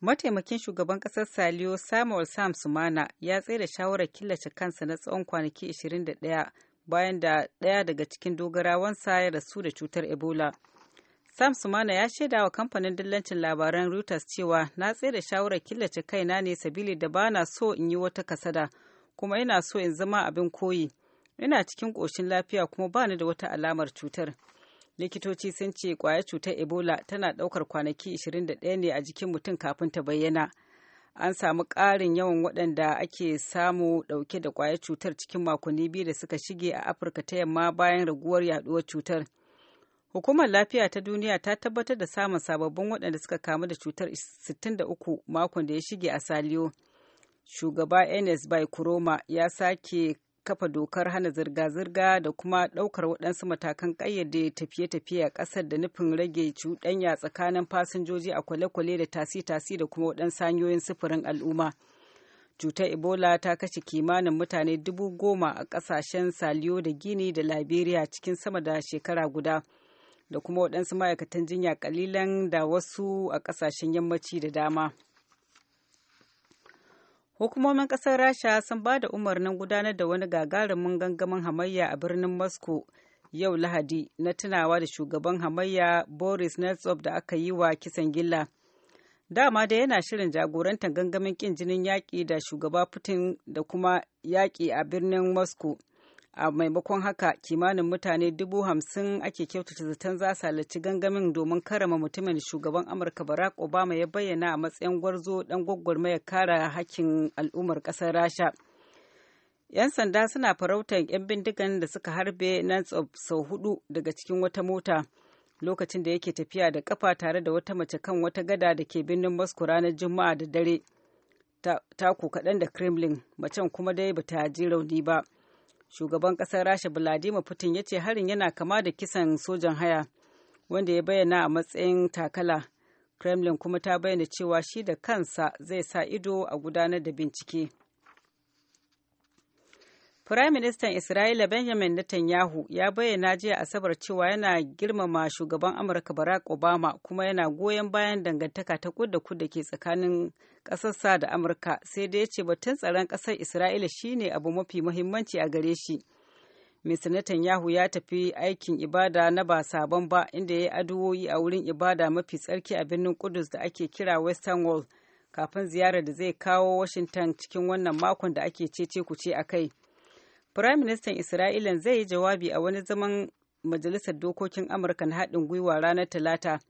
mataimakin shugaban ƙasar saliyo samuel sam sumana ya tsaida shawarar killace kansa na tsawon kwanaki 21 bayan da ɗaya daga cikin dogarawansa ya rasu da cutar ebola sam sumana ya shaida wa kamfanin dillancin labaran reuters cewa na tsaida shawarar killace kaina ne sabili da ba na so in yi wata kasada kuma ina so in zama abin koyi ina cikin ƙoshin lafiya kuma ba ni da wata alamar cutar likitoci sun ce kwayar cutar ebola tana daukar kwanaki 21 ne a jikin mutum kafin ta bayyana an samu ƙarin yawan waɗanda ake samu ɗauke da kwayar cutar cikin makonni biyu da suka shige a afirka ta yamma bayan raguwar yaduwar cutar hukumar lafiya ta duniya ta tabbatar da samun sababbin waɗanda suka kamu da cutar 63 makon da ya shige a saliyo shugaba ns bai kuroma ya sake kafa dokar hana zirga-zirga da kuma ɗaukar waɗansu matakan ƙayyade tafiye-tafiye a ƙasar da nufin rage cuɗanya tsakanin fasinjoji a kwale-kwale da tasi-tasi da kuma waɗansu hanyoyin sufurin al'umma. Cutar Ebola ta kashe kimanin mutane dubu goma a ƙasashen Saliyo da Gini da Liberia cikin sama da shekara guda, da kuma waɗansu ma'aikatan jinya ƙalilan da wasu a ƙasashen yammaci da dama. Hukumomin ƙasar Rasha sun ba da umarnin gudanar da wani gagarumin gangamin hamayya a birnin Moscow yau Lahadi na tunawa da shugaban hamayya Boris Nemtsov da aka yi wa kisan gilla. Dama da yana shirin jagorantar gangamin ƙin jinin yaƙi da shugaba Putin da kuma yaƙi a birnin Moscow. a maimakon haka kimanin mutane dubu hamsin ake kyautata zaton za su halarci gangamin domin karama mutumin shugaban amurka barack obama ya bayyana a matsayin gwarzo dan gwagwarmayar kara hakkin al'ummar kasar rasha yan sanda suna farautar yan bindigan da suka harbe nan sau hudu daga cikin wata mota lokacin da yake tafiya da kafa tare da wata mace kan wata gada da ke birnin moscow ranar juma'a da dare taku kaɗan da kremlin macen kuma dai bata ji rauni ba shugaban kasar rasha vladimir putin ya ce harin yana kama da kisan sojan haya wanda ya bayyana a matsayin takala kremlin kuma ta bayyana cewa shi da kansa zai sa ido a gudanar da bincike Firaministan Isra'ila Benjamin Netanyahu ya bayyana jiya Asabar cewa yana girmama shugaban Amurka Barack Obama kuma yana goyon bayan dangantaka ta kud da ke tsakanin ƙasarsa da Amurka sai dai ya ce batun tsaron ƙasar Isra'ila shine abu mafi muhimmanci a gare shi. Mr. Netanyahu ya tafi aikin ibada na ba sabon ba inda ya yi addu'o'i a wurin ibada mafi tsarki a birnin Kudus da ake kira Western Wall kafin ziyarar da zai kawo Washington cikin wannan makon da ake cece kuce a kai. Firayim Ministan Isra'ila zai yi jawabi a wani zaman Majalisar Dokokin Amurka na haɗin gwiwa ranar Talata.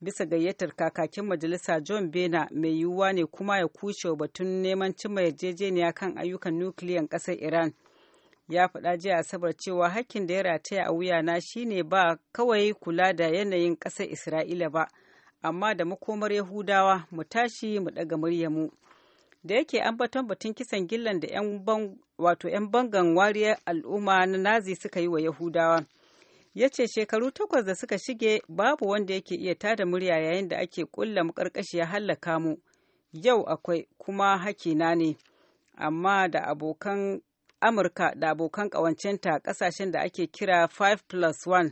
Bisa gayyatar kakakin majalisa John Bena mai yiwuwa ne kuma ya kushe batun neman cimma yarjejeniya kan ayyukan nukiliyan ƙasar Iran. Ya faɗa jiya Asabar cewa hakkin da ya rataya a wuyana shine ba kawai kula da yanayin ƙasar Isra'ila ba, amma da makomar Yahudawa mu tashi mu ɗaga muryarmu. mu. da yake an baton batun kisan gillan da 'yan wato 'yan bangan wariyar al'umma na nazi suka yi wa yahudawa ya ce shekaru takwas da suka shige babu wanda yake iya tada murya yayin da ake kulla makarkashi ya hallaka mu yau akwai kuma hakina ne amma da abokan amurka da abokan ƙawancenta ƙasashen da ake kira 5 plus 1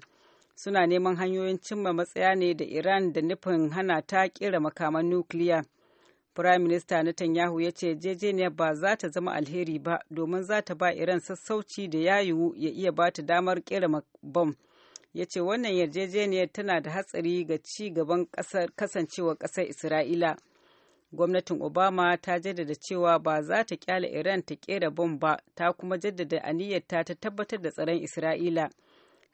suna neman hanyoyin cimma matsaya ne da iran da nufin hana ta kera makaman nukiliya Firayim Minista Netanyahu ya ce yarjejeniyar ba za ta zama alheri ba domin za ta ba Iran sassauci da ya yiwu ya iya ba ta damar kera bom. Ya ce wannan yarjejeniyar tana da hatsari ga ci gaban kasancewar ƙasar Isra'ila. Gwamnatin Obama ta jaddada cewa ba za ta kyale Iran ta kera bom ba, ta kuma jaddada aniyarta ta tabbatar da tsaron Isra'ila.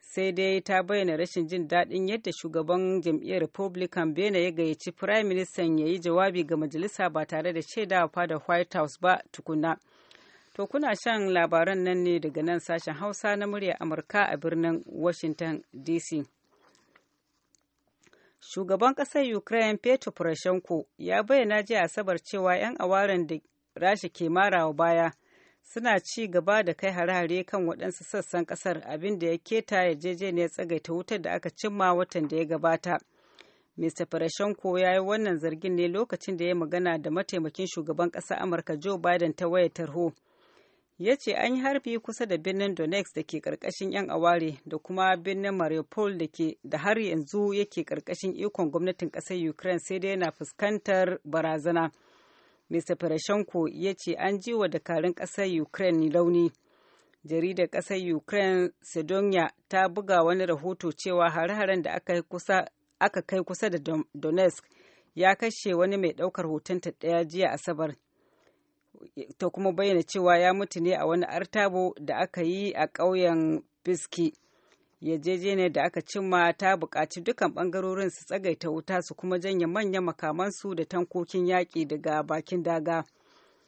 sai dai ta bayyana rashin jin daɗin yadda shugaban jam'iyyar republican bena ya gayyaci prime minister ya yi jawabi ga majalisa ba tare da shaida fada white house ba tukuna to kuna shan labaran nan ne daga nan sashen hausa na murya amurka a birnin washington dc shugaban ƙasar ukraine petro poroshenko ya bayyana jiya asabar cewa 'yan awaren da rasha ke marawa baya suna ci gaba da kai hare-hare kan waɗansu sassan ƙasar abin da ya keta yarjejeniyar tsagaita wutar da aka cimma watan da ya gabata. Mr. Poroshenko ya yi wannan zargin ne lokacin da ya magana da mataimakin shugaban ƙasar Amurka Joe Biden ta wayar tarho. Ya ce an yi harbi kusa da birnin Donetsk da ke ƙarƙashin 'yan aware da kuma birnin Mariupol da ke da har yanzu yake ƙarƙashin ikon gwamnatin ƙasar Ukraine sai dai yana fuskantar barazana. Mr. Poroshenko ya ce an ji wa dakarun ƙasar Ukraine launi. Jaridar ƙasar Ukraine Sedonia ta buga wani rahoto cewa hare-haren da aka kai kusa da Donetsk ya kashe wani mai ɗaukar hotonta ɗaya jiya Asabar. Ta kuma bayyana cewa ya mutu ne a wani artabo da aka yi a ƙauyen Biski. yarjejeniyar da aka cimma ta buƙaci dukkan ɓangarorin su tsagaita wuta su kuma janye manyan makamansu da tankokin yaƙi daga bakin daga.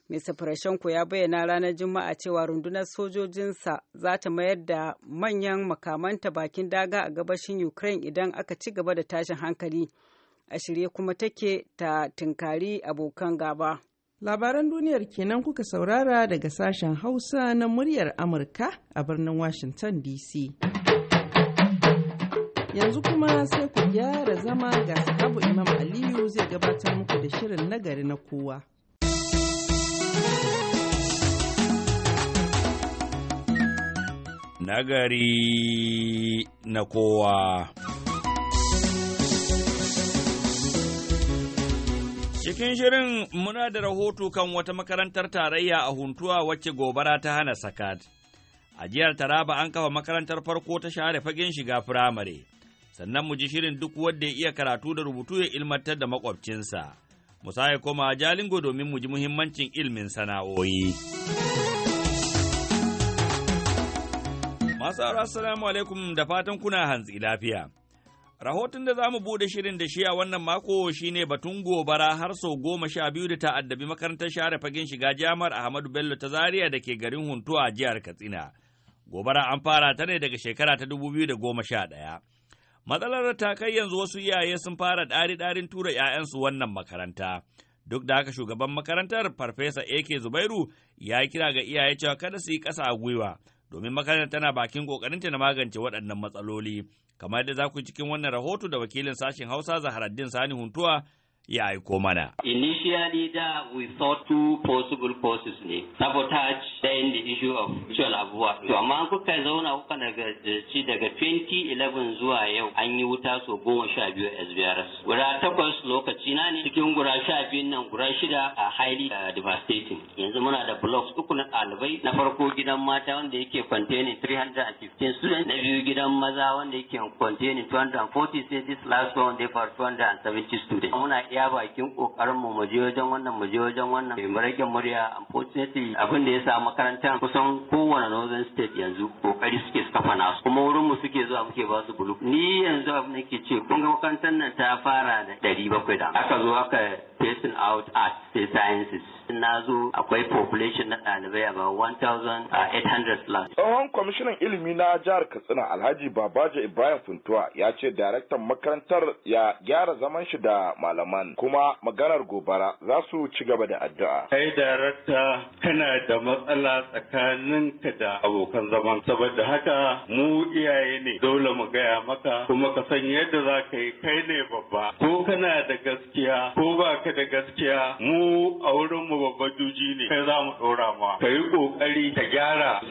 Mr. Poroshenko ya bayyana ranar Juma'a cewa rundunar sojojinsa za ta mayar da manyan makamanta bakin daga a gabashin Ukraine idan aka ci gaba da tashin hankali. A shirye kuma take ta tinkari abokan gaba. Labaran duniyar kenan kuka saurara daga sashen Hausa na muryar Amurka a birnin Washington DC. Yanzu kuma sai ku gyara zama ga abu Imam Aliyu zai gabatar muku da shirin nagari na kowa. Nagari na kowa. Cikin shirin muna da rahoto kan wata makarantar tarayya a Huntuwa wacce gobara ta hana sakat. A jihar Taraba an kafa makarantar farko ta share fagen shiga firamare. sannan mu ji shirin duk wanda ya iya karatu da rubutu ya ilmantar da makwabcinsa. Mu sake koma a jalingo domin mu ji muhimmancin ilmin sana'o'i. Masu assalamu alaikum da fatan kuna hantsi lafiya. Rahoton da za mu buɗe shirin da shi a wannan mako shi ne batun gobara har sau goma sha biyu da ta'addabi makarantar share fagen shiga jami'ar Ahmadu Bello ta Zaria da ke garin huntu a jihar Katsina. Gobara an fara ta ne daga shekara ta dubu biyu da goma sha ɗaya. Matsalar ta kai yanzu wasu iyaye sun fara ɗari-ɗarin tura 'ya'yansu wannan makaranta. Duk da haka shugaban makarantar Farfesa AK Zubairu ya kira ga iyaye cewa kada su yi ƙasa a gwiwa, domin makarantar tana bakin ƙoƙarinta na magance waɗannan matsaloli. Kamar da za ku cikin wannan rahoto da wakilin sashen Hausa Zaharaddin Sani Huntuwa ya aiko mana. Initially da we thought two possible causes ne, sabotage then the issue of sexual abuwa. To amma kuka zauna kuka daga ci daga 2011 zuwa yau an yi wuta so goma sha biyu SBRS. Guda takwas lokaci na ne cikin guda sha biyun nan guda shida a highly uh, devastating. Yanzu muna da blocks uku na ɗalibai na farko gidan mata wanda yake containing 315 students na biyu gidan maza wanda yake containing 240 say this last one they for 270 students. Muna iya bakin kokarin mu muje wajen wannan muje wajen wannan mai rage murya unfortunately abin da ya sa makarantar kusan kowane northern state yanzu kokari suke suka fana kuma wurin mu suke zuwa muke ba su bulu ni yanzu abin da ke ce kun ga makarantar nan ta fara da ɗari bakwai da aka zo aka facing out at the sciences. Na zo akwai population na ɗalibai about 1,800 plus. Tsohon kwamishinan ilimi na jihar Katsina Alhaji Babaje Ibrahim Funtuwa ya ce daraktan makarantar ya gyara zaman shi da malaman kuma maganar gobara za su ci gaba da addu'a. Kai darakta kana da matsala tsakaninka da abokan zaman saboda haka mu iyaye ne dole mu gaya maka kuma ka san yadda za ka yi kai ne babba ko kana da gaskiya ko ba baka da gaskiya mu a wurin mu babban juji ne kai za mu ɗora ma ka yi ƙoƙari ka gyara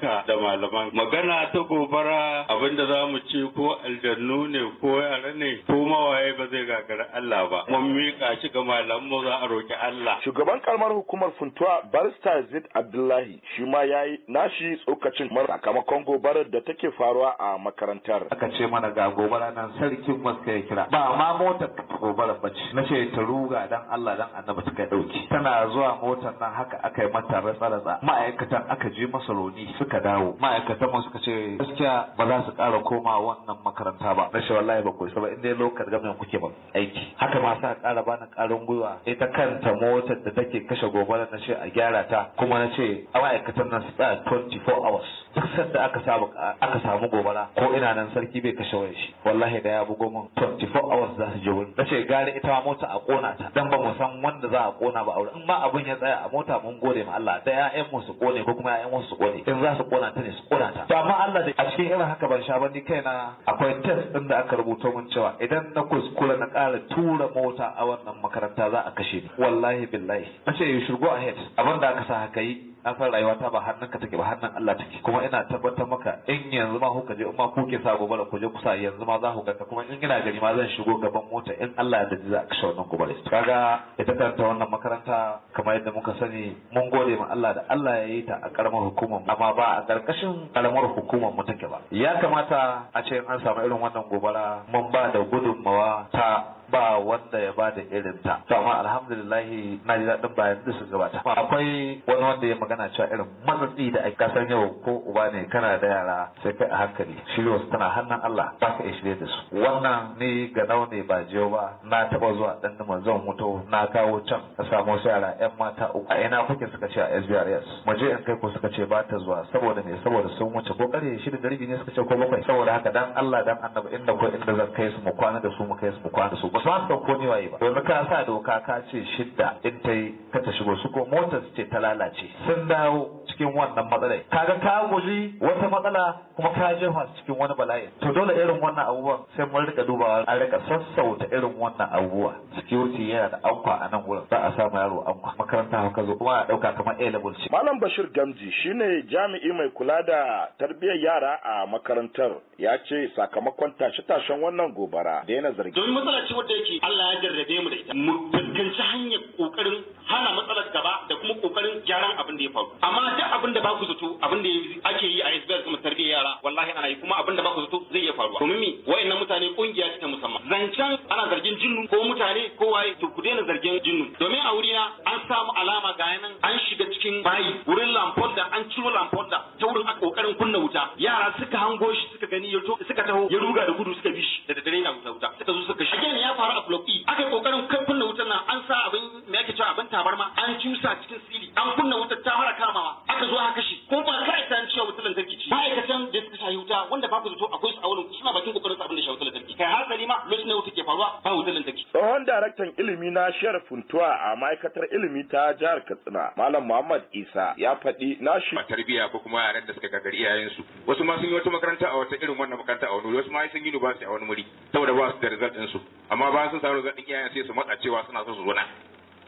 ka da malaman magana ta gobara abinda za mu ce ko aljannu ne ko yara ne ko mawaye ba zai gagara Allah ba mun miƙa shi ga malaman mu za a roƙi Allah shugaban kalmar hukumar funtuwa barista Zaid Abdullahi shi ma yayi nashi tsokacin mara sakamakon gobarar da take faruwa a makarantar aka ce mana ga gobara nan sarkin wasu kira ba ma mota gobara ba ce na ce ta ruga addu'a dan Allah dan annabi ta kai dauki tana zuwa motar nan haka aka yi mata ratsa-ratsa ma'aikatan aka je masa roni suka dawo ma'aikatan mu suka ce gaskiya ba za su ƙara koma wannan makaranta ba rashin wallahi ba ku ba in dai lokacin gamin kuke ba aiki haka ma sa kara bani ƙarin gwiwa ta kanta motar da take kashe gobara na ce a gyara ta kuma na ce a ma'aikatan nan su tsaya 24 hours duk sanda aka samu aka samu gobara ko ina nan sarki bai kashe wayar shi wallahi da ya bugo mun 24 hours za su je wurin na ce gari ita ma mota a kona ta dan ba mu san wanda za a kona ba aure in ma abun ya tsaya a mota mun gode ma Allah da ƴaƴan mu su kone ko kuma ƴaƴan su kone in za su kona ta ne su kona ta to amma Allah da a cikin irin haka ban sha ba ni kaina akwai test din da aka rubuta mun cewa idan na kuskura na ƙara tura mota a wannan makaranta za a kashe ni wallahi billahi nace you should go ahead abin da aka sa haka yi na fara rayuwa ta ba hannunka take ba hannun Allah take kuma ina tabbatar maka in yanzu ma kuka je in ma kuke sa gobara ku je kusa yanzu ma za ku ganka kuma in ina gari ma zan shigo gaban mota in Allah ya dace za a kashe wannan gobara kaga ita karanta wannan makaranta kamar yadda muka sani mun gode ma Allah da Allah ya yi ta a karamar hukumar amma ba a karkashin karamar hukumar mu take ba ya kamata a ce an samu irin wannan gobara mun ba da gudunmawa ta ba wanda ya bada irin ta to amma alhamdulillah na ji daɗin bayan da su gabata akwai wani wanda ya magana cewa irin matsatsi da ake. kasan yau ko uba ne kana da yara sai kai a hankali shirya wasu tana hannun Allah ba ka yi shirye da su wannan ni ga ne ba jiyo ba na taɓa zuwa dan da zan mutu na kawo can ka samu wasu yara yan mata uku a ina kuke suka ce a SBRS mu je in kai ko suka ce ba ta zuwa saboda me saboda sun wuce ko kare shi da rabi ne suka ce ko bakwai saboda haka dan Allah dan annabi inda ko inda zan kai su mu kwana da su mu kai su mu kwana da su ba su ko su ni waye ba domin ka sa doka ka ce shidda in ta yi ka ta shigo su ko motar ce ta lalace sun dawo cikin wannan matsalai kaga ka guji wata matsala kuma ka je cikin wani bala'i to dole irin wannan abubuwan sai mun rika dubawa a rika sassauta irin wannan abubuwa security yana da anka a nan gurin za a samu yaro anka. makaranta haka zo kuma a ɗauka kamar A level ce malam Bashir Gamji shine jami'i mai kula da tarbiyyar yara a makarantar ya ce sakamakon tashe-tashen wannan gobara da yana zargi matsala ce da Allah ya jarrabe mu da ita mu gaggance hanyar kokarin hana matsalar gaba da kuma kokarin gyaran abin da ya faru amma duk abin da ba ku zato abin da ake yi a Isbel kuma tarbiyar yara wallahi ana yi kuma abin da ba ku zato zai iya faruwa domin me wayannan mutane kungiya ce ta musamman zancen ana zargin jinnu ko mutane ko waye to ku daina zargin jinnu domin a wurina an samu alama ga yanan an shiga cikin bayi wurin lamfonda an ciro lamfonda ta wurin a kokarin kunna wuta yara suka hango shi suka gani ya suka taho ya ruga da gudu suka bi shi da dare na wuta wuta suka zo suka shi ya faru a block aka yi kokarin kai kunna wutar nan an sa abin me yake cewa abin tabarma an cusa cikin sili an kunna wutar ta fara kamawa aka zo aka kashe ko ba ka aika cewa wutar lantarki ce ma'aikatan da suka shayi wuta wanda babu zato akwai su a wurin suna bakin kokarin su abin da shayi wutar lantarki kai hankali ma lokacin ne wuta ke faruwa ba wutar lantarki. Tsohon daraktan ilimi na shiyar funtuwa a ma'aikatar ilimi ta jihar Katsina Malam Muhammad Isa ya faɗi na shi. tarbiyya ko kuma yaran da suka gagari iyayensu wasu ma sun yi wata makaranta a wata irin wannan makaranta a wani wuri wasu ma sun yi university a wani wuri saboda ba su da result ɗinsu amma ba sun samu result ɗin iyayen sai su matsa cewa suna son su zo nan.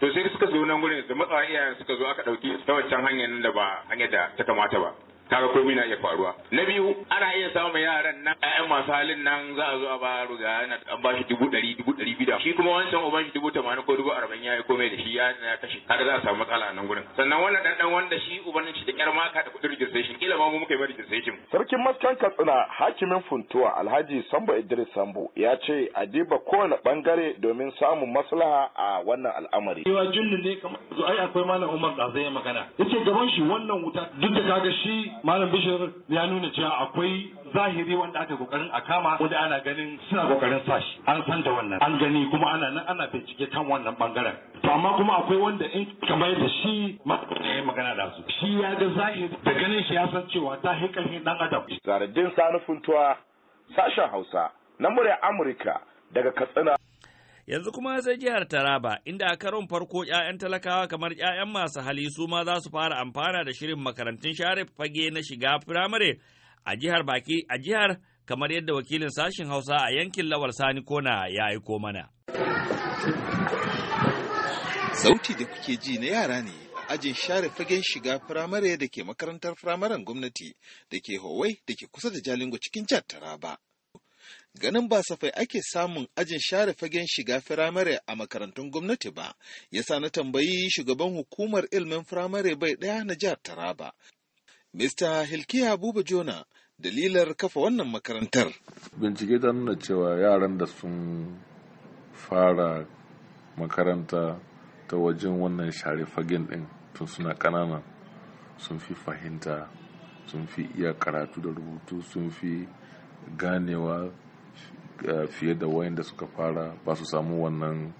to sai suka zo nan gurin da matsawa iyayen suka zo aka ɗauki ta wancan hanyar da ba hanyar da ta kamata ba kaga komai na iya faruwa na biyu ana iya samun yaran nan ƴaƴan masu halin nan za a zo a ba ruga na an ba shi dubu ɗari dubu ɗari biyu da shi kuma wancan uban shi dubu tamanin ko dubu arba'in ya yi komai da shi ya ya kashe kaga za a samu matsala a nan gurin sannan wannan ɗan ɗan wanda shi uban shi da ƙyar maka da kuɗin registration kila ma mu muka yi ma registration. sarkin maskan katsina hakimin funtuwa alhaji sambo idris sambo ya ce a diba kowane bangare domin samun maslaha a wannan al'amari. cewa junnu ne kamar ai akwai malam umar da zai magana yace gaban shi wannan wuta duk da kaga shi malam bishir ya nuna cewa akwai zahiri wanda aka kokarin a kama wanda ana ganin suna kokarin sashi an san da wannan an gani kuma ana nan ana bincike kan wannan bangaren to amma kuma akwai wanda in kamar yadda shi magana da su shi ya ga zahiri da ganin shi ya san cewa ta hikahin dan adam zaradin sanufuntuwa sashen hausa na murya amurka daga katsina Yanzu kuma sai jihar Taraba, inda a karon farko ‘ya'yan talakawa kamar ‘ya'yan masu hali su ma za su fara amfana da shirin makarantun share fage na shiga firamare a jihar baki a jihar kamar yadda wakilin sashen Hausa a yankin Lawal Sani Kona ya aiko mana. Sauti da kuke ji na yara ne a ajin share fagen shiga firamare da ke makarantar firamaren gwamnati da ke Howai da ke kusa da Jalingo cikin jihar Taraba. ganin ba safai ake samun ajin share fagen shiga firamare a makarantun gwamnati ba yasa na tambayi shugaban hukumar ilmin firamare bai ɗaya na jihar taraba mr hilkiya buba jona dalilar kafa wannan makarantar bincike ta nuna cewa yaran da sun fara makaranta ta wajen wannan share fagen ɗin tun suna ƙanana sun fi fahimta sun fi iya karatu da rubutu sun fi ganewa Eh, fiye da wayanda suka fara ba su samu wannan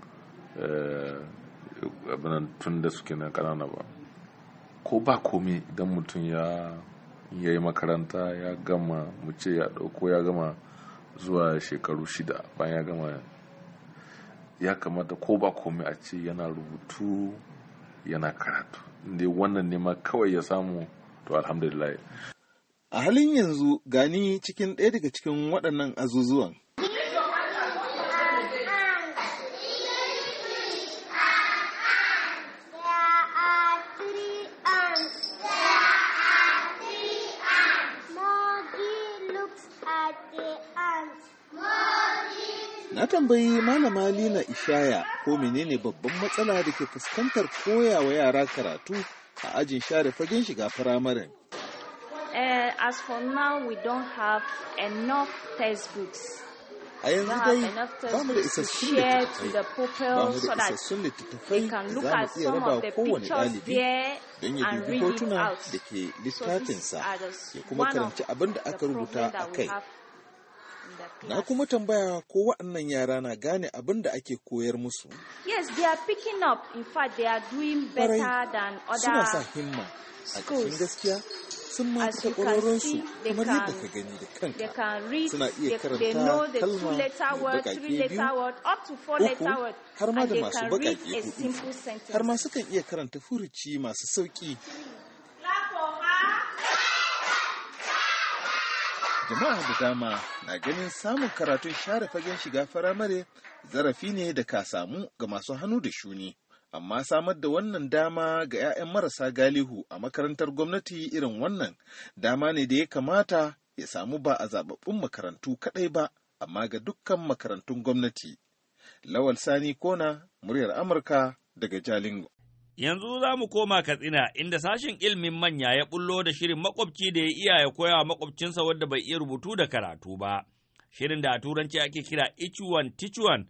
eh, abinan tun da suke na kanana ba ko ba komi idan mutum ya yi makaranta ya gama mu ce ya ɗauko ya gama zuwa shekaru shida bayan ya gama ya kamata ko ba komi a ce yana rubutu yana karatu inda wannan ne ma kawai ya samu to alhamdulillah a halin yanzu gani cikin ɗaya daga cikin waɗannan azuzuwan Na tambayi malama Lina Ishaya ko menene babban matsala da ke fuskantar koyawa yara karatu a ajin share fagen shiga firamaren. Uh, eh, as for now, we don't have enough textbooks. a yanzu dai ba mu da isassun littattafai ba mu da isassun littattafai za mu iya raba kowane ɗalibi don ya dubi hotuna da ke littafinsa ya kuma karanci abin da aka rubuta a kai Na kuma tambaya ko waɗannan yara na gane abin da ake koyar musu. Yes, they are picking up. In fact, they are doing better Parai, than other Suna sa himma. A cikin gaskiya, sun ma fita ƙwararrunsu kamar yadda ka gani da kanka. Suna iya karanta kalma da baƙaƙe biyu, uku, har ma da masu baƙaƙe hudu. Har ma sukan iya karanta furuci masu sauƙi. jama'a da dama na ganin samun karatun share fagen shiga firamare zarafi ne da ka samu ga masu hannu da shuni amma samar da wannan dama ga 'ya'yan marasa galihu a makarantar gwamnati irin wannan dama ne da ya kamata ya samu ba a zababbun makarantu kaɗai ba amma ga dukkan makarantun gwamnati lawal sani kona muryar amurka daga jalingo Yanzu za mu koma Katsina inda sashen ilimin manya ya bullo da shirin makwabci da ya iya ya koya wa makwabcinsa wadda bai iya rubutu da karatu ba. Shirin da a turanci ake kira Ichuwan Tichuan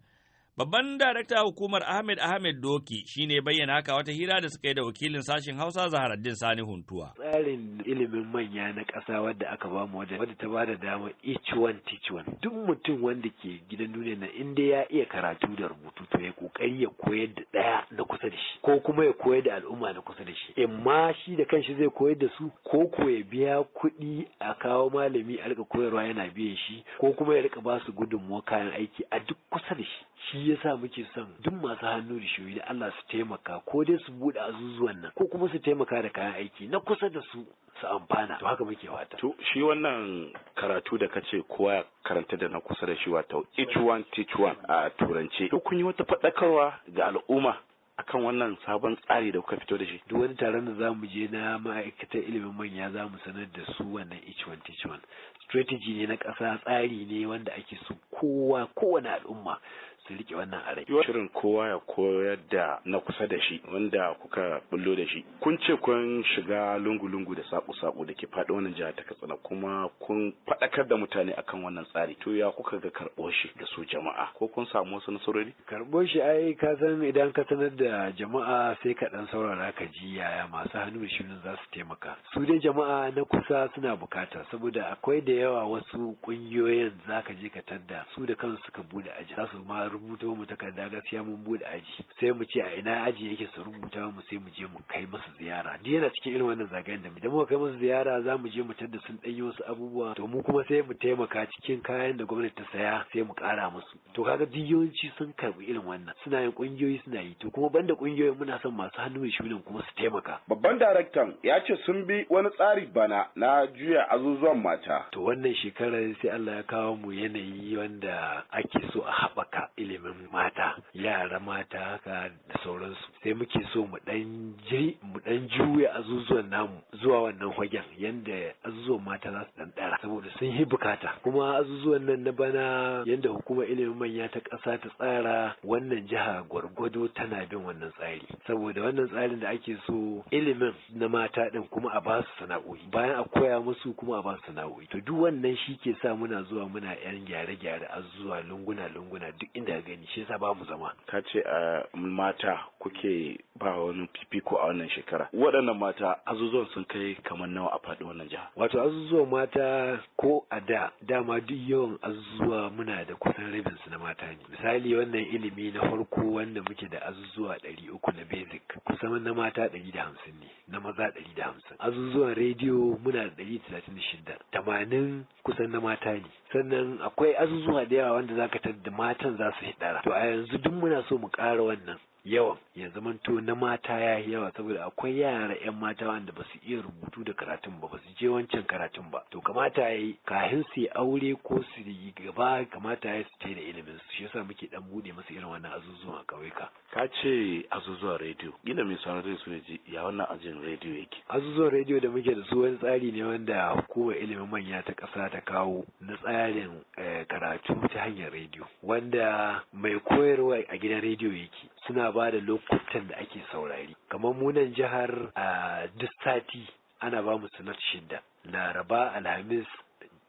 Babban darakta hukumar Ahmed Ahmed Doki shine bayyana haka wata hira da suka yi da wakilin sashen Hausa Zaharaddin Sani Huntuwa. Tsarin ilimin manya na ƙasa wadda aka ba mu wajen wadda ta ba da dama each one teach one. Duk mutum wanda ke gidan duniya na inda ya iya karatu da rubutu to ya kokari ya koyar da ɗaya na kusa da shi ko kuma ya koyar da al'umma na kusa da shi. Imma shi da kanshi zai koyar da su ko ko ya biya kuɗi a kawo malami a rika koyarwa yana biyan shi ko kuma ya rika ba su gudunmuwa kayan aiki a duk kusa da shi. shi ya sa muke son duk masu hannu da shoyi da Allah su taimaka ko dai su buɗe azuzuwan nan ko kuma su taimaka da kayan aiki na kusa da su su amfana to haka muke wata. to shi wannan karatu da kace kowa karanta da na kusa da shi wato each one teach one a turance to kun yi wata fadakarwa ga al'umma akan wannan sabon tsari da kuka fito da shi duk wani taron da za mu je na ma'aikatan ilimin manya za mu sanar da su wannan each one teach one strategy ne na ƙasa tsari ne wanda ake so kowa kowane al'umma su rike wannan a rai shirin kowa ya koyar da na kusa da shi wanda kuka bullo da shi kun ce kun shiga lungu-lungu da saƙo-saƙo da ke faɗi wannan jiha ta katsina kuma kun faɗakar da mutane akan wannan tsari to ya kuka ga karɓo shi da su jama'a ko kun samu wasu nasarori karɓo shi ai ka san idan ka sanar da jama'a sai ka ɗan saurara ka ji yaya masu hannu da shirin za su taimaka su dai jama'a na kusa suna bukata saboda akwai da yawa wasu ƙungiyoyin za ka je ka tadda su da kansu suka bude aji za su ma rubuta mu takarda gaskiya mun bude aji sai mu ce a ina aji yake su rubuta mu sai mu je mu kai musu ziyara Ni yana cikin irin wannan zagayen da idan muka kai musu ziyara za mu je mu tadda sun ɗanyi wasu abubuwa to mu kuma sai mu taimaka cikin kayan da gwamnati ta saya sai mu ƙara musu to kaga diyoyinci sun karbi irin wannan suna yin ƙungiyoyi suna yi to kuma banda ƙungiyoyin muna son masu hannu shunin kuma su taimaka babban daraktan ya ce sun bi wani tsari bana na juya azuzuwan mata to wannan shekarar sai Allah ya kawo mu yanayi wanda ake so a haɓaka ilimin mata yara mata haka da sauransu sai muke so mu dan mu dan juya azuzuwan namu zuwa wannan fagen yanda azuzuwan mata za su dan shekara saboda sun yi bukata kuma azuzuwan nan na bana yadda hukumar ilimin manya ta ƙasa ta tsara wannan jiha gwargwado tana bin wannan tsari saboda wannan tsarin da ake so ilimin na mata din kuma a ba su sana'o'i bayan a koya musu kuma a ba su sana'o'i to duk wannan shi ke sa muna zuwa muna yan gyare-gyare azuzuwa lunguna-lunguna duk inda gani shi yasa ba mu zama ka ce ah, mata kuke ba wani fifiko a wannan shekara waɗannan mata azuzuwan sun kai kamar nawa a faɗi wannan jiha wato azuzuwan mata ko a da dama duk yawan azuzuwa muna da kusan rabin su na mata ne misali wannan ilimi na farko wanda muke da azuzuwa ɗari uku na basic kusan na mata ɗari da hamsin ne na maza ɗari da hamsin azuzuwan rediyo muna da ɗari talatin da shida tamanin kusan na mata ne sannan akwai azuzuwa da yawa wanda zaka tadda matan za su hidara to a yanzu duk muna so mu ƙara wannan yawan ya zamanto na mata ya yawa saboda akwai yara 'yan mata wanda ba su iya rubutu da karatun ba ba su je wancan karatun ba to kamata ya yi kahin su yi aure ko su yi gaba kamata ya su da ilimin su shi yasa muke dan bude masa irin wannan a kauyuka ka ce azuzuwa rediyo gina mai sanar su ji ya wannan ajin rediyo yake azuzuwan rediyo da muke da su wani tsari ne wanda hukumar ilimin manya ta ƙasa ta kawo na tsarin eh, karatu ta hanyar rediyo wanda mai koyarwa a gidan rediyo yake suna ba da lokutan da ake saurari kamar munan jihar a ah, duk sati ana ba mu sanar shidda laraba alhamis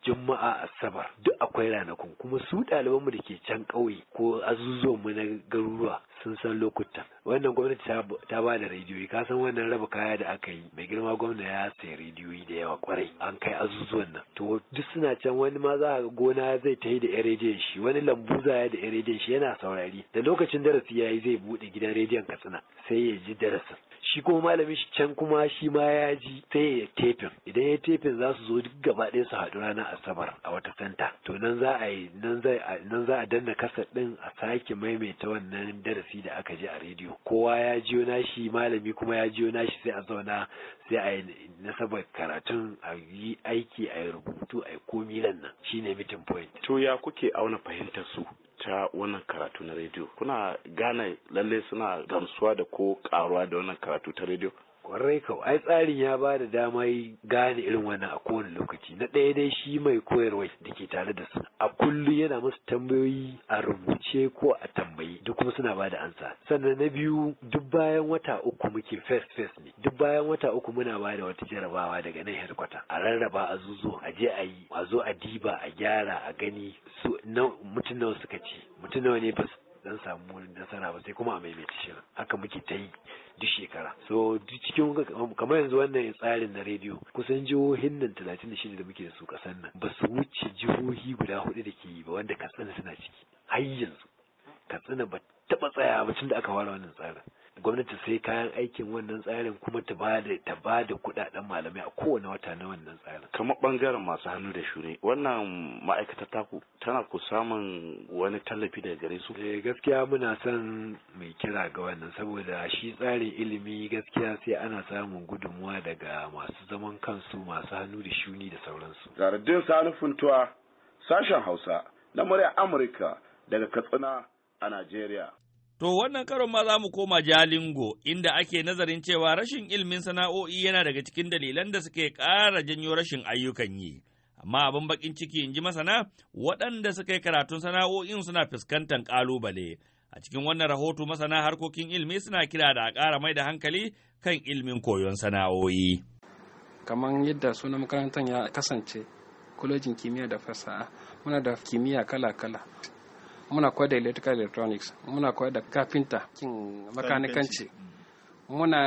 juma'a asabar duk akwai ranakun kuma su ɗalibanmu da ke can ƙauye ko mu na garuruwa sun san lokutan wannan gwamnati ta ba da rediyoyi ka san wannan raba kaya da aka yi mai girma gwamna ya sayi rediyoyi da yawa kwarai an kai azuzuwan nan to duk suna can wani ma za ga gona zai ta yi da rediyon shi wani lambu za ya da rediyon shi yana saurari da lokacin darasi ya yi zai buɗe gidan rediyon katsina sai ya ji darasin shi kuma malamin shi can kuma shi ma ya ji sai ya tefin idan ya tefin za su zo duk gaba ɗaya su haɗu ranar asabar a wata santa to nan za a yi nan za a danna kasar ɗin a sake maimaita wannan darasi da aka ji a rediyo kowa ya jiyo shi malami kuma ya jiyo shi sai a zauna sai a yi nasabar karatun a yi aiki a yi rubutu a yi komi nan shine mitin point to ya kuke auna fahimtar su ta wannan karatu na rediyo kuna gane lalle suna gamsuwa da ko karuwa da wannan karatu ta rediyo kwarai kau ai tsarin ya ba da dama yi gane irin wannan a kowane lokaci na ɗaya dai shi mai koyarwa da ke tare da su a kullum yana musu tambayoyi a rubuce ko a tambayi duk kuma suna ba da ansa sannan na biyu duk bayan wata uku muke face face ne duk bayan wata uku muna ba da wata jarabawa daga nan herkwata a rarraba a zuzo a je a yi a zo a diba a gyara a gani su mutum nawa suka ci mutum nawa ne ba dan samu nasara ba sai kuma a maimaita shirin haka muke ta yi duk shekara so duk cikin kamar yanzu wannan tsarin na rediyo kusan jihohin nan talatin da shida da muke da su kasan nan ba su wuce jihohi guda hudu da ke yi ba wanda katsina suna ciki har yanzu katsina ba taɓa tsaya ba tun da aka fara wannan tsarin gwamnati sai kayan aikin wannan tsarin kuma ta ba da ta ba da kudaden malamai a kowane wata na wannan tsarin kamar bangaren masu hannu da shuni wannan ma'aikatar taku tana ku samun wani tallafi daga gare su eh gaskiya muna son mai kira ga wannan saboda shi tsarin ilimi gaskiya sai ana samun gudunmuwa daga masu zaman kansu masu hannu da shuni da sauransu zaradin salifin tuwa sashen hausa na murya amurka daga katsina a najeriya To wannan karon ma za mu koma Jalingo, inda ake nazarin cewa rashin ilmin sana'o'i yana daga cikin dalilan da suke ƙara janyo rashin ayyukan yi. Amma abin bakin ciki in ji masana, waɗanda suka yi karatun sana'o'in suna fuskantar ƙalubale. A cikin wannan rahoto masana harkokin ilmi suna kira da a ƙara mai da hankali kan ilmin koyon sana'o'i. Kamar yadda sunan makarantar ya kasance, kwalejin kimiyya da fasaha, muna da kimiyya kala-kala. muna koyar da electrical electronics muna koyar da kafinta kin makanikanci mm. muna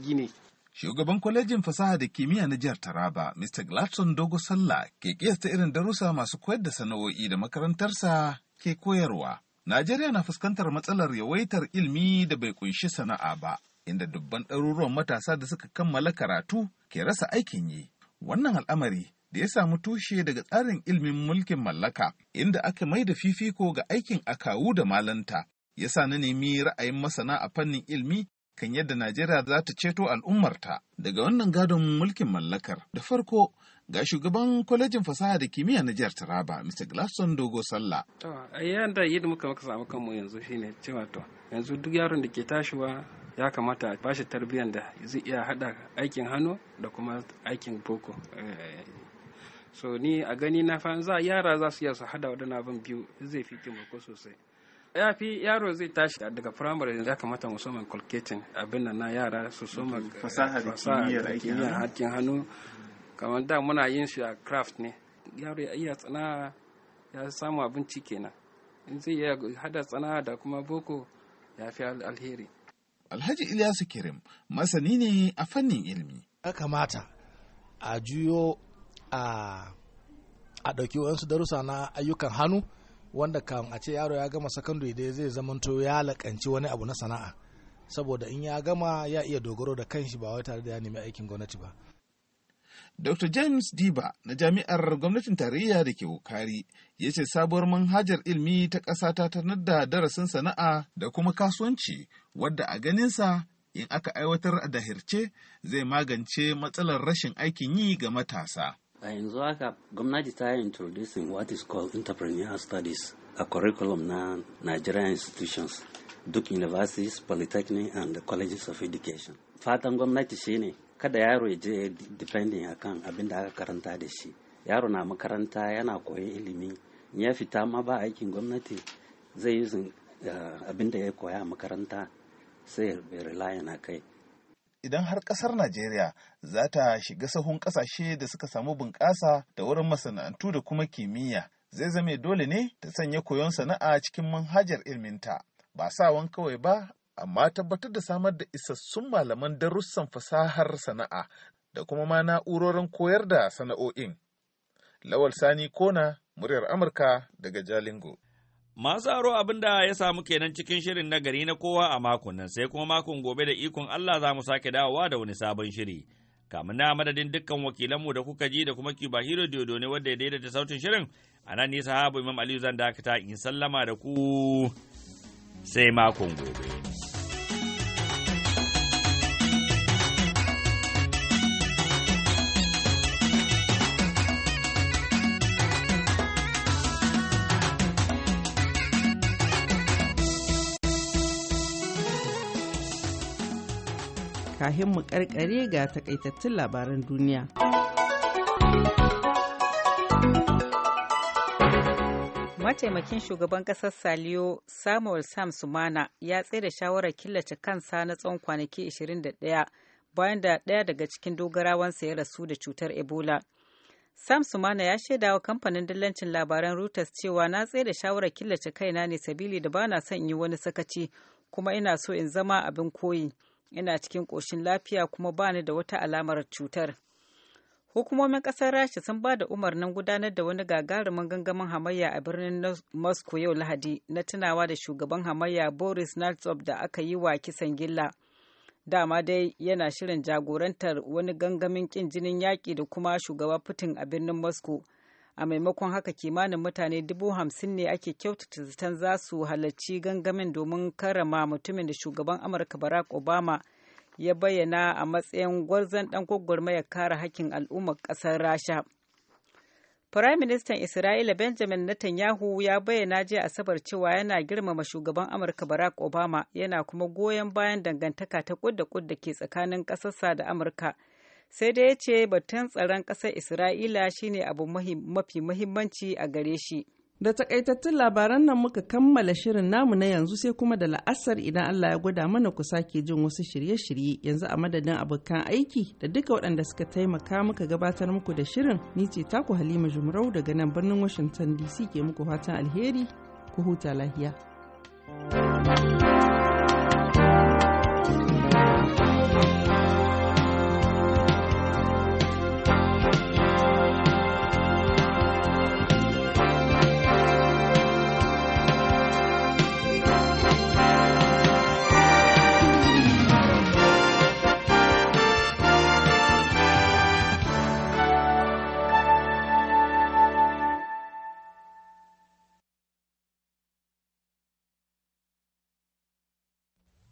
gini Shugaban kwalejin fasaha da kimiyya na jihar Taraba, Mr. Gladson Dogo Sallah, ke kiyasta irin darussa masu koyar da sana'o'i da makarantarsa ke koyarwa. Najeriya na fuskantar matsalar yawaitar ilmi da bai kunshi sana'a ba, inda dubban ɗaruruwan matasa da suka kammala karatu ke rasa aikin yi. Wannan al'amari da ya samu tushe daga tsarin ilmin mulkin mallaka inda aka mai da fifiko ga aikin akawu da malanta ya sa na nemi ra'ayin masana a fannin ilmi kan yadda Najeriya za ta ceto al'ummarta daga wannan gadon mulkin mallakar. Da farko ga shugaban kwalejin fasaha da kimiyya na jihar Taraba, Mr. Gladstone Dogo Sallah. To, yadda yadda muka maka samu kanmu yanzu shine cewa to yanzu duk yaron da ke tashiwa ya kamata a bashi tarbiyyar da zai iya hada aikin hannu da kuma aikin boko eh, so ni a gani na fa za yara za su iya su hada wadannan abin biyu zai fi taimako sosai ya fi yaro zai tashi daga firamare ya kamata musamman colcating abin nan na yara su soma fasaha kimiyyar harkin hannu kamar da muna yin shi a craft ne yaro ya iya tsana ya samu abinci kenan in zai iya hada tsana da kuma boko ya fi alheri alhaji ilyasu kirim masani ne a fannin ilimi ya kamata a juyo a ɗauki wasu darussa na ayyukan hannu wanda kan a ce yaro ya gama sakandare dai zai zamanto ya lakanci wani abu na sana'a saboda in ya gama ya iya dogaro da kanshi ba wai tare da ya nemi aikin gwamnati ba Dr. James Diba na Jami'ar Gwamnatin Tarayya da ke Wukari ya ce sabuwar manhajar ilmi ta ƙasa ta tanar da darasin sana'a da kuma kasuwanci wadda a ganinsa in aka aiwatar a dahirce zai magance matsalar rashin aikin yi ga matasa. a yanzu haka gwamnati ta yi introducing what is called entrepreneurial studies a curriculum na Nigerian institutions duk universities polytechnic and colleges of education fatan gwamnati shine kada yaro ya je depending akan abin da aka karanta da shi yaro na makaranta yana koyon ilimi ya fita ma ba aikin gwamnati zai yi eh, abin da ya koya a makaranta sai ya rely na kai idan har kasar Najeriya za ta shiga sahun kasashe da suka samu bunƙasa da wurin masana'antu da kuma kimiyya zai zame dole ne ta sanya koyon sana'a cikin manhajar ilminta ba sawan kawai ba amma tabbatar da samar da isassun malaman darussan fasahar sana'a da kuma ma na'urorin koyar da sana'o'in. Lawal Sani Kona, muryar Amurka daga Jalingo. Masu aro abin da ya samu kenan cikin shirin nagari na kowa a makon nan sai kuma makon gobe da ikon Allah za mu sake dawowa da wani sabon shiri. Kamun na madadin dukkan wakilanmu da kuka ji da kuma Kiba Hiro Diodo ne wanda ya daidaita sautin shirin a nan nisa habu Imam Aliyu zan dakata in sallama da ku sai makon gobe. kahin mu karkare ga takaitattun labaran duniya. Mataimakin shugaban kasar Saliyo Samuel Sam Sumana ya tsere shawarar killace kansa na tsawon kwanaki 21 bayan da ɗaya daga cikin dogarawansa ya rasu da cutar Ebola. Sam Sumana ya shaida wa kamfanin dillancin labaran Reuters cewa na tsaye da shawarar killace kaina ne sabili da bana son yi wani sakaci kuma ina so in zama abin koyi. ina cikin ƙoshin lafiya kuma ba ni da wata alamar cutar hukumomin ƙasar rasha sun ba da umarnin gudanar da wani gagarumin gangamin hamayya a birnin moscow yau lahadi na tunawa da shugaban hamayya boris naltsov da aka yi wa kisan gilla dama dai yana shirin jagorantar wani gangamin ƙin jinin yaƙi da kuma shugaba putin a birnin moscow a maimakon haka kimanin mutane dubu hamsin ne ake kyautata zaton za su halarci gangamin domin karama mutumin da shugaban amurka barack obama ya bayyana a matsayin gwarzon dan gwagwarmayar kare hakkin al'ummar ƙasar rasha Firaministan Isra'ila Benjamin Netanyahu ya bayyana jiya Asabar cewa yana girmama shugaban Amurka Barack Obama yana kuma goyon bayan dangantaka ta kudda kudda ke tsakanin ƙasarsa da Amurka sai dai ya ce batun tsaron ƙasar isra'ila shine abu mafi muhimmanci a gare shi da takaitattun labaran nan muka kammala shirin namu na yanzu sai kuma da la'asar idan allah ya gwada mana ku sake jin wasu shirye-shirye yanzu a madadin abokan aiki da duka waɗanda suka taimaka muka gabatar muku da shirin ni ce taku halima jumrau daga nan birnin washington dc ke muku fatan alheri ku huta lahiya thank you